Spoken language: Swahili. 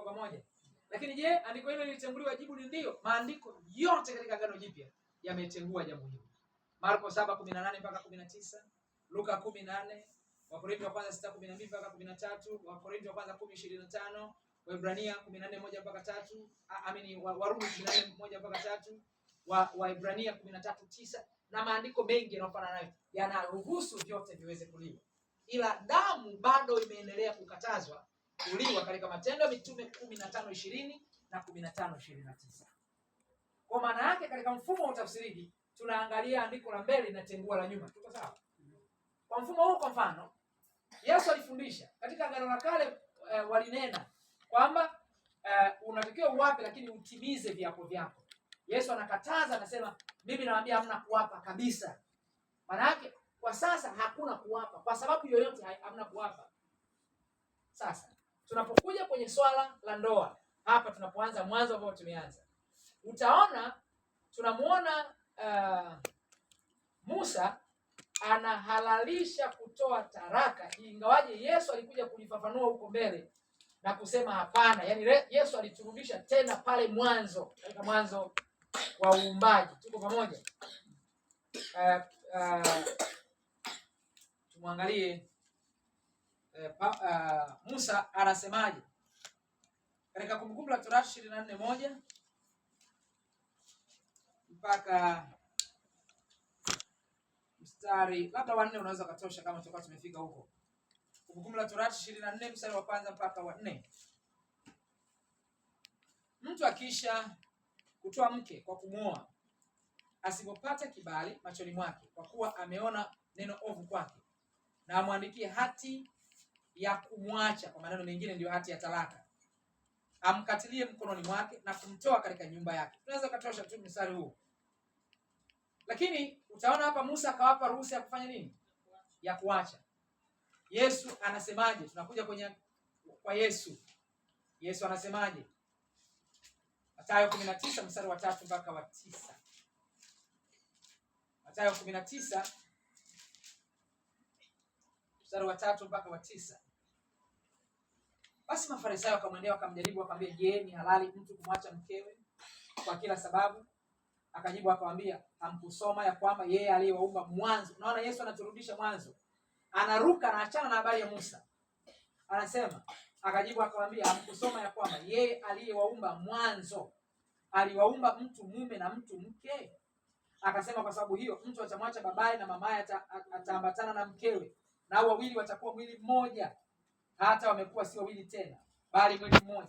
kwa pamoja. Lakini je, andiko hilo lilitenguliwa? Jibu ni ndio. Maandiko yote katika Agano Jipya yametengua jambo hilo. Marko 7:18 mpaka 19, Luka 18, Wakorintho wa kwanza 6:12 mpaka 13, Wakorintho wa kwanza 10:25, Waebrania 14:1 mpaka 3, amini Warumi 14:1 mpaka 3, wa Waebrania 13:9 na maandiko mengi yanayofanana nayo yanaruhusu vyote viweze kuliwa, ila damu bado imeendelea kukatazwa kuliwa katika Matendo ya Mitume kumi na tano ishirini na kumi na tano ishirini na tisa. Kwa maana yake katika mfumo wa utafsiri tunaangalia andiko la mbele linatengua la nyuma. Tuko sawa? Kwa mfumo huu, kwa mfano, Yesu alifundisha katika Agano la Kale e, walinena kwamba e, unatakiwa uwape, lakini utimize viapo vyako. Yesu anakataza, anasema mimi nawaambia hamna kuwapa kabisa. Maana yake kwa sasa hakuna kuwapa kwa sababu yoyote, hamna kuwapa sasa Tunapokuja kwenye swala la ndoa hapa, tunapoanza mwanzo ambao tumeanza, utaona tunamwona uh, Musa anahalalisha kutoa taraka, ingawaje Yesu alikuja kulifafanua huko mbele na kusema hapana. Yani Yesu aliturudisha tena pale mwanzo, katika mwanzo wa uumbaji. Tuko pamoja? Uh, uh, tumwangalie Eh, pa, uh, Musa anasemaje katika Kumbukumbu la Torati ishirini na nne moja mpaka mstari labda wanne unaweza ukatosha, kama tutakuwa tumefika huko. Kumbukumbu la Torati ishirini na nne mstari wa kwanza mpaka wa nne mtu akiisha kutoa mke kwa kumwoa asipopata kibali machoni mwake, kwa kuwa ameona neno ovu kwake, na amwandikie hati ya kumwacha, kwa maneno mengine ndiyo hati ya talaka, amkatilie mkononi mwake na kumtoa katika nyumba yake. Tunaweza katosha tu mstari huu, lakini utaona hapa Musa akawapa ruhusa ya kufanya nini? Ya kuacha. Yesu anasemaje? Tunakuja kwenye kwa Yesu. Yesu anasemaje? Mathayo 19 mstari wa tatu mpaka wa tisa. Mathayo 19 mstari wa tatu mpaka wa tisa. Basi Mafarisayo wakamwendea wakamjaribu, wakamwambia, je, ni halali mtu kumwacha mkewe kwa kila sababu? Akajibu akamwambia, hamkusoma ya kwamba yeye aliyewaumba mwanzo. Unaona, Yesu anaturudisha mwanzo, anaruka anaachana na habari ya Musa. Anasema akajibu akamwambia, hamkusoma ya kwamba yeye aliyewaumba mwanzo aliwaumba mtu mume na mtu mke. Akasema kwa sababu hiyo mtu atamwacha babaye na mamaye, ataambatana na mkewe, nao wawili watakuwa mwili mmoja hata wamekuwa si wawili tena, bali mwili mmoja.